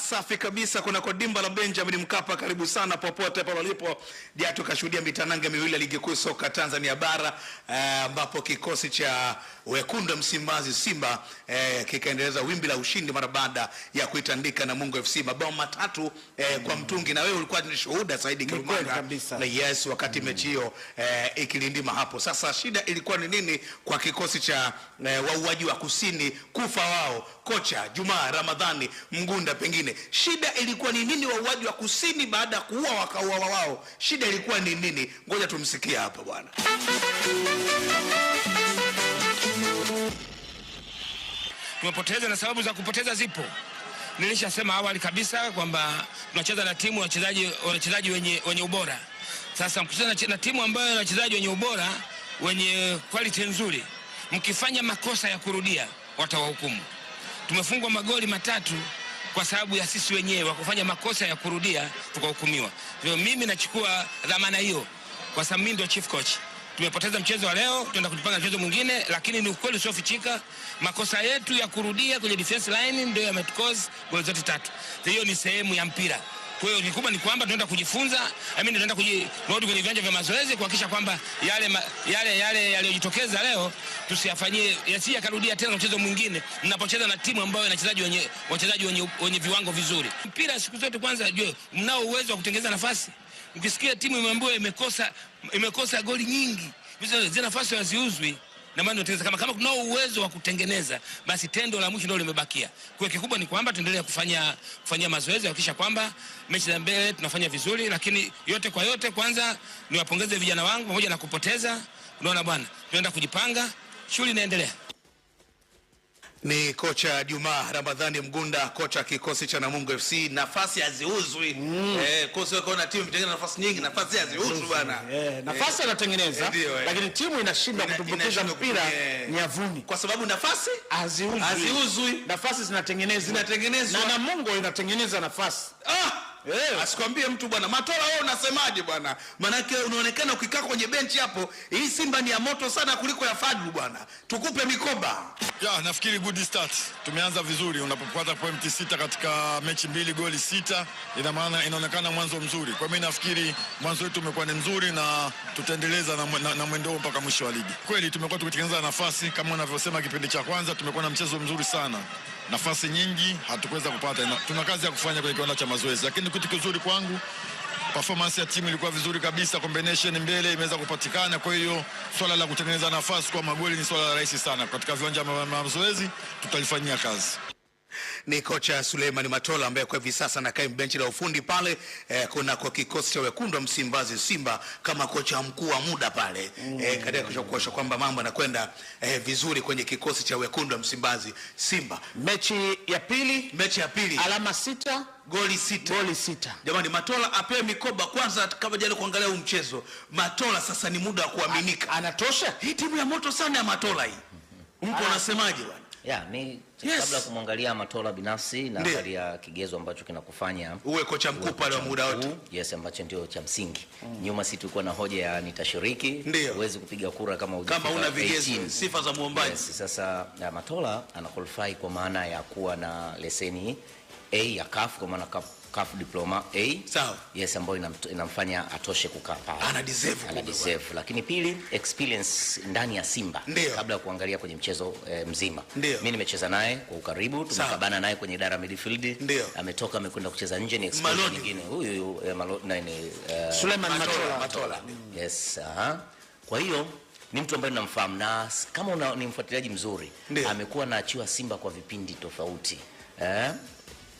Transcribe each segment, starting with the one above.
safi kabisa kuna kodimba la Benjamin Mkapa. Karibu sana popote pale walipo Jana tukashuhudia mitanange miwili ya ligi kuu soka Tanzania bara eh, ambapo eh, kikosi cha wekundu Msimbazi Simba eh, kikaendeleza wimbi la ushindi mara baada ya kuitandika na mungu FC mabao matatu eh, kwa mtungi, na wewe ulikuwa ni shuhuda Saidi Kirumanga, na yes, wakati mm, mechi hiyo eh, ikilindima hapo. Sasa shida ilikuwa ni nini kwa kikosi cha eh, wauaji wa kusini kufa wao kocha Jumaa Ramadhani Mgunda pengine vile. Shida ilikuwa ni nini? Wauaji wa kusini baada ya kuua wakaua wao, shida ilikuwa ni nini? Ngoja tumsikie hapa bwana. Tumepoteza na sababu za kupoteza zipo. Nilishasema awali kabisa kwamba tunacheza na timu wachezaji wenye, wenye ubora. Sasa mkicheza na timu ambayo wachezaji wenye ubora wenye quality nzuri, mkifanya makosa ya kurudia watawahukumu. Tumefungwa magoli matatu kwa sababu ya sisi wenyewe wa kufanya makosa ya kurudia tukahukumiwa. Hivyo mimi nachukua dhamana hiyo kwa sababu mimi ndio chief coach. Tumepoteza mchezo wa leo, tunaenda kujipanga mchezo mwingine, lakini ni ukweli usiofichika, makosa yetu ya kurudia kwenye defense line ndio yametukosa goli zote tatu. Hiyo ni sehemu ya mpira. Kwa hiyo kikubwa ni kwamba tunaenda kujifunza, I mean tunaenda kujirudi kwenye viwanja vya mazoezi kuhakikisha kwamba yale ma, yale yale yaliyojitokeza leo tusiyafanyie, yasije yakarudia tena mchezo mwingine, mnapocheza na timu ambayo ina wachezaji wenye wachezaji wenye, wenye viwango vizuri. Mpira siku zote kwanza, jue mnao uwezo wa kutengeneza nafasi. Ukisikia timu imeambiwa imekosa, imekosa goli nyingi, zile nafasi haziuzwi na maana utengeneza kama kama kuna uwezo wa kutengeneza basi tendo la mwisho ndio limebakia. Kwa kikubwa ni kwamba tuendelee kufanya kufanya mazoezi kuhakikisha kwamba mechi za mbele tunafanya vizuri, lakini yote kwa yote, kwanza niwapongeze vijana wangu pamoja na kupoteza. Unaona bwana, tunaenda kujipanga, shughuli inaendelea. Ni kocha Juma Ramadhani Mgunda, kocha kikosi cha Namungo FC. Nafasi haziuzwi mm. Eh, kosi wako na timu mtengana nafasi nyingi, nafasi haziuzwi bwana eh, nafasi eh, anatengeneza eh, eh, lakini timu inashinda kutumbukiza mpira eh, nyavuni kwa sababu nafasi haziuzwi, haziuzwi, nafasi zinatengenezwa, zinatengenezwa na Namungo inatengeneza nafasi ah! Yeah. Asikwambie mtu bwana Matola, wewe unasemaje bwana? Maanake unaonekana ukikaa kwenye benchi hapo, hii Simba ni ya moto sana kuliko ya Fadlu bwana, tukupe mikoba ya. Nafikiri good start, tumeanza vizuri. Unapopata pointi sita katika mechi mbili, goli sita, ina maana inaonekana mwanzo mzuri. Kwa mimi nafikiri mwanzo wetu umekuwa ni mzuri na tutaendeleza na, na, na mwendo mpaka mwisho wa ligi. Kweli tumekuwa tukitengeneza nafasi kama unavyosema, kipindi cha kwanza tumekuwa na mchezo mzuri sana, nafasi nyingi hatukuweza kupata. Tuna kazi ya kufanya kwenye kiwanda cha mazoezi lakini ni kitu kizuri kwangu. Performance ya timu ilikuwa vizuri kabisa, combination mbele imeweza kupatikana. Kwa hiyo swala la kutengeneza nafasi kwa magoli ni swala la rahisi sana. Katika viwanja vya mazoezi tutalifanyia kazi ni kocha Suleiman Matola ambaye kwa hivi sasa anakaa benchi la ufundi pale eh, kuna kwa kikosi cha wekundu wa Msimbazi Simba kama kocha mkuu wa muda pale mm. eh, katika kuosha kwamba mambo yanakwenda eh, vizuri kwenye kikosi cha wekundu wa Msimbazi Simba. Mechi ya pili, mechi ya pili, alama sita goli sita. Goli sita. Jamani, Matola apewe mikoba kwanza, kama jana kuangalia huu mchezo. Matola sasa ni muda wa kuaminika, anatosha. Hii timu ya moto sana ya Matola hii, mko unasemaje bwana? Ya, mi yes. Kabla kumwangalia Matola binafsi ya kigezo ambacho kinakufanya uwe kocha mkuu pale wa muda wote. Yes, ambacho ndio cha msingi. Mm. Nyuma si tulikuwa na hoja ya nitashiriki, huwezi kupiga kura kama kama una vigezo sifa za muombaji. Yes, sasa Matola ana qualify kwa maana ya kuwa na leseni A ya CAF kwa maana CAF CAF diploma A. Sawa. Yes, ambayo inamfanya atoshe kukaa pale. Ana deserve, ana deserve. Lakini pili, experience ndani ya Simba Ndiyo. kabla ya kuangalia kwenye mchezo e, mzima. Mimi nimecheza naye kwa ukaribu, tumekabana naye kwenye idara midfield. Ametoka amekwenda kucheza nje, ni experience nyingine. Huyu e, Malo na ni e, eh, Suleiman Matola. Matola. Yes, aha. Kwa hiyo ni mtu ambaye namfahamu na kama una, ni mfuatiliaji mzuri, amekuwa naachiwa Simba kwa vipindi tofauti. Eh?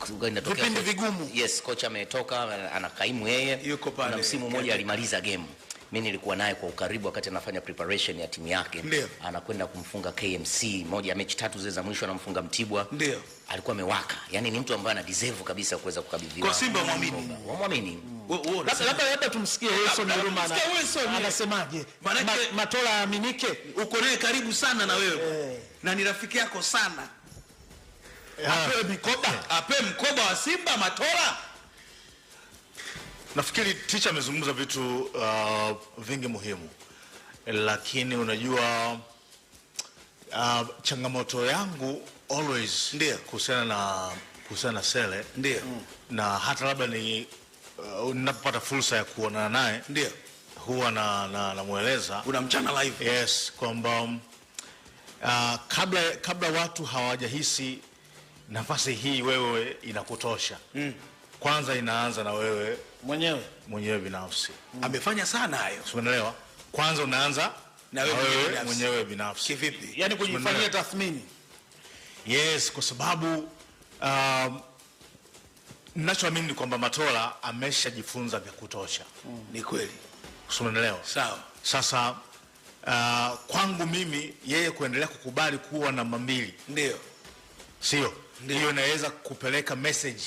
kwa vipindi vigumu. Yes, kocha ametoka anakaimu yeye, yuko pale, na msimu mmoja alimaliza game mimi nilikuwa naye kwa ukaribu wakati anafanya preparation ya timu yake. Anakwenda kumfunga KMC moja ya mechi tatu zile za mwisho, anamfunga Mtibwa. Ndio alikuwa amewaka, yani ni mtu ambaye ana deserve kabisa kuweza kukabidhiwa kwa Simba. Muamini, muamini. Labda labda tumsikie Wilson Ruma anasemaje, Matola aminike. Uko naye karibu sana na wewe eh. na ni rafiki yako sana apewe mikoba, apewe mkoba wa Simba Matola. Nafikiri ticha amezungumza vitu uh, vingi muhimu, lakini unajua uh, changamoto yangu always ndio kuhusiana na kuhusiana na Sele ndio mm. na hata labda ni uh, napopata fursa ya kuonana naye ndio huwa na, na, namweleza unamchana live yes kwamba uh, kabla, kabla watu hawajahisi nafasi hii wewe inakutosha mm. Kwanza inaanza na wewe mwenyewe mwenyewe binafsi mm. Amefanya sana hayo, umeelewa? Kwanza unaanza na wewe, na wewe mwenyewe, mwenyewe binafsi kivipi? Yani kujifanyia tathmini. Yes, kwa sababu um, nachoamini ni kwamba Matola ameshajifunza vya kutosha mm. Ni kweli, umeelewa? Sawa. Sasa uh, kwangu mimi yeye kuendelea kukubali kuwa namba mbili ndio sio ndiyo inaweza kupeleka message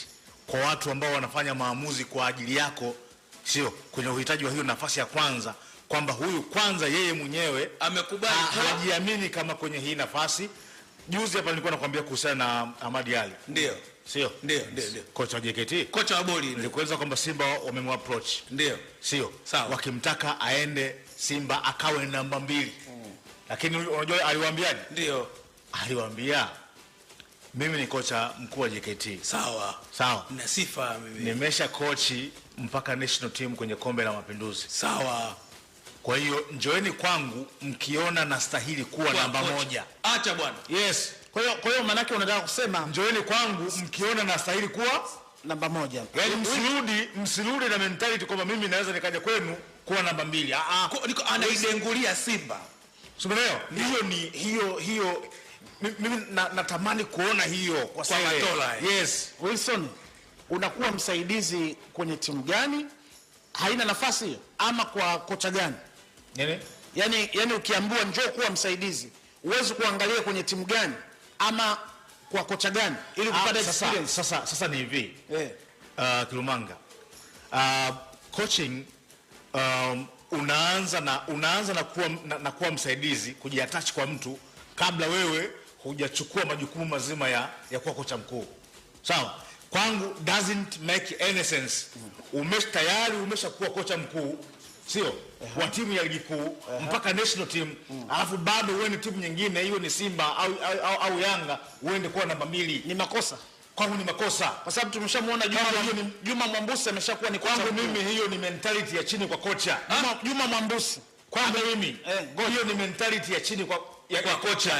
kwa watu ambao wanafanya maamuzi kwa ajili yako, sio kwenye uhitaji wa hiyo nafasi ya kwanza, kwamba huyu kwanza yeye mwenyewe amekubali, hajiamini kama kwenye hii nafasi. Juzi hapa nilikuwa nakwambia kuhusiana na Ahmad Ally, ndio sio ndio, ndio kocha wa JKT, kocha wa boli, nilikueleza kwamba Simba wamemwa approach, ndio sio sawa, wakimtaka aende Simba akawe namba mbili, mm. lakini unajua aliwaambiaje? Ndio aliwaambia mimi ni kocha mkuu wa JKT. Sawa. Sawa. Nina sifa mimi. Nimesha kochi mpaka national team kwenye kombe la mapinduzi. Sawa. Kwa hiyo njoeni kwangu mkiona nastahili kuwa kwa namba coach. moja. Acha bwana. Yes. Kwa hiyo kwa hiyo manake unataka kusema njoeni kwangu mkiona nastahili kuwa namba moja. Yaani msirudi msirudi na mentality kwamba mimi naweza nikaja kwenu kuwa namba mbili. Ah ah. Anaidengulia Simba. Umeelewa? Hiyo ni hiyo hiyo mimi natamani na kuona hiyo kwa Samatola. Eh. Yes, Wilson unakuwa msaidizi kwenye timu gani? Haina nafasi ama kwa kocha gani? Nini? Yani, yani ukiambiwa njoo kuwa msaidizi uwezi kuangalia kwenye timu gani ama kwa kocha gani ili ah, kupata experience. Sasa, sasa ni hivi yeah. Eh. Uh, Kilumanga uh, coaching um, unaanza na unaanza na kuwa, na, na kuwa msaidizi kujiattach kwa mtu kabla wewe hujachukua majukumu mazima ya, ya kuwa kocha mkuu sawa. Kwangu doesn't make any sense. Mm-hmm. umesha tayari umeshakuwa kocha mkuu sio, uh -huh. wa timu ya ligi kuu uh -huh. mpaka national team uh mm. -huh. alafu bado uende timu nyingine, hiyo ni Simba au, au, au, au Yanga, uende kuwa namba mbili, ni makosa kwangu ni makosa kwa sababu tumeshamuona Juma, Juma, Juma Mwambusi ameshakuwa ni Kwangu mimi hiyo ni mentality ya chini kwa kocha Juma, Juma Mwambusi kwangu ah. mimi eh, ni mentality ya chini kwa kwa kocha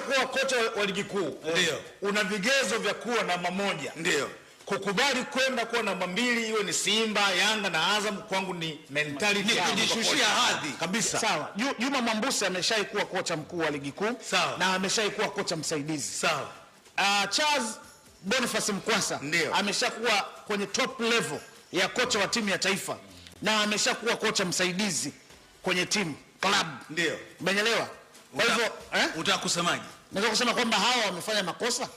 kuwa kocha wa ligi kuu, ndio una vigezo vya kuwa namba moja, ndio kukubali kwenda kuwa namba mbili, iwe ni Simba, Yanga na Azam, kwangu ni mentality ya kujishushia hadhi kabisa. Sawa, Juma Mwambusi ameshawahi kuwa kocha mkuu wa ligi kuu na ameshawahi kuwa kocha msaidizi. Sawa. Uh, Charles Boniface Mkwasa ameshakuwa kwenye top level ya kocha wa timu ya taifa na ameshakuwa kocha msaidizi kwenye timu club, ndio umeelewa. Kwa hivyo eh? Unataka kusemaje? Nataka kusema kwamba hawa wamefanya makosa.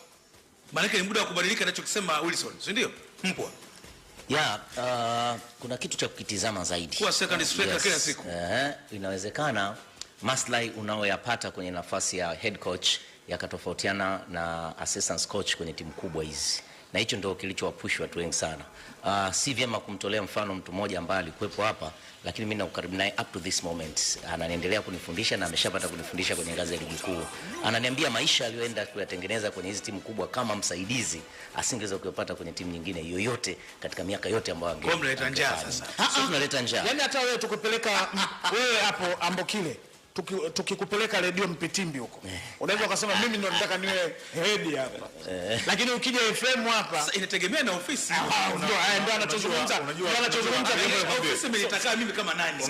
Maanake ni muda wa kubadilika anachokisema Wilson, si ndio? Mpwa. Ya, yeah, uh, kuna kitu cha kukitizama zaidi. Kwa second striker yes. Kila siku. Eh, inawezekana maslahi unaoyapata kwenye nafasi ya head coach yakatofautiana na assistant coach kwenye timu kubwa hizi na hicho ndio kilichowapushi watu wengi sana. Uh, si vyema kumtolea mfano mtu mmoja ambaye alikuwepo hapa, lakini mimi na ukaribu naye up to this moment, ananiendelea kunifundisha na ameshapata kunifundisha kwenye ngazi ya ligi kuu. Ananiambia maisha aliyoenda kuyatengeneza kwenye hizi timu kubwa kama msaidizi asingeweza kuyapata kwenye timu nyingine yoyote katika miaka yote ambayo angeleta njaa. Sasa tunaleta ah, ah. njaa, yani hata wewe tukupeleka wewe hapo Ambokile tukikupeleka tuki redio Mpitimbi huko yeah. Unaweza ukasema mimi ndo nataka niwe hedi hapa yeah. Lakini ukija FM hapa inategemea na ofisi, ah, ndio haya ndio anachozungumza anachozungumza ofisi imenitaka mimi kama nani,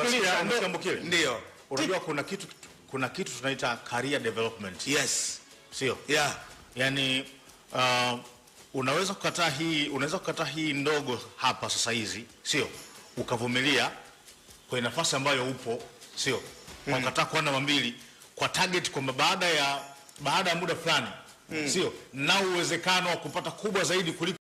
kile ndio unajua kuna kitu kuna kitu tunaita career development. Yes, sio yeah. Yani uh, unaweza kukataa hii unaweza kukataa hii ndogo hapa sasa hizi, sio ukavumilia kwa nafasi ambayo upo, sio mm. wakataa namba mbili kwa target kwamba baada ya baada ya muda fulani mm. sio na uwezekano wa kupata kubwa zaidi kuliko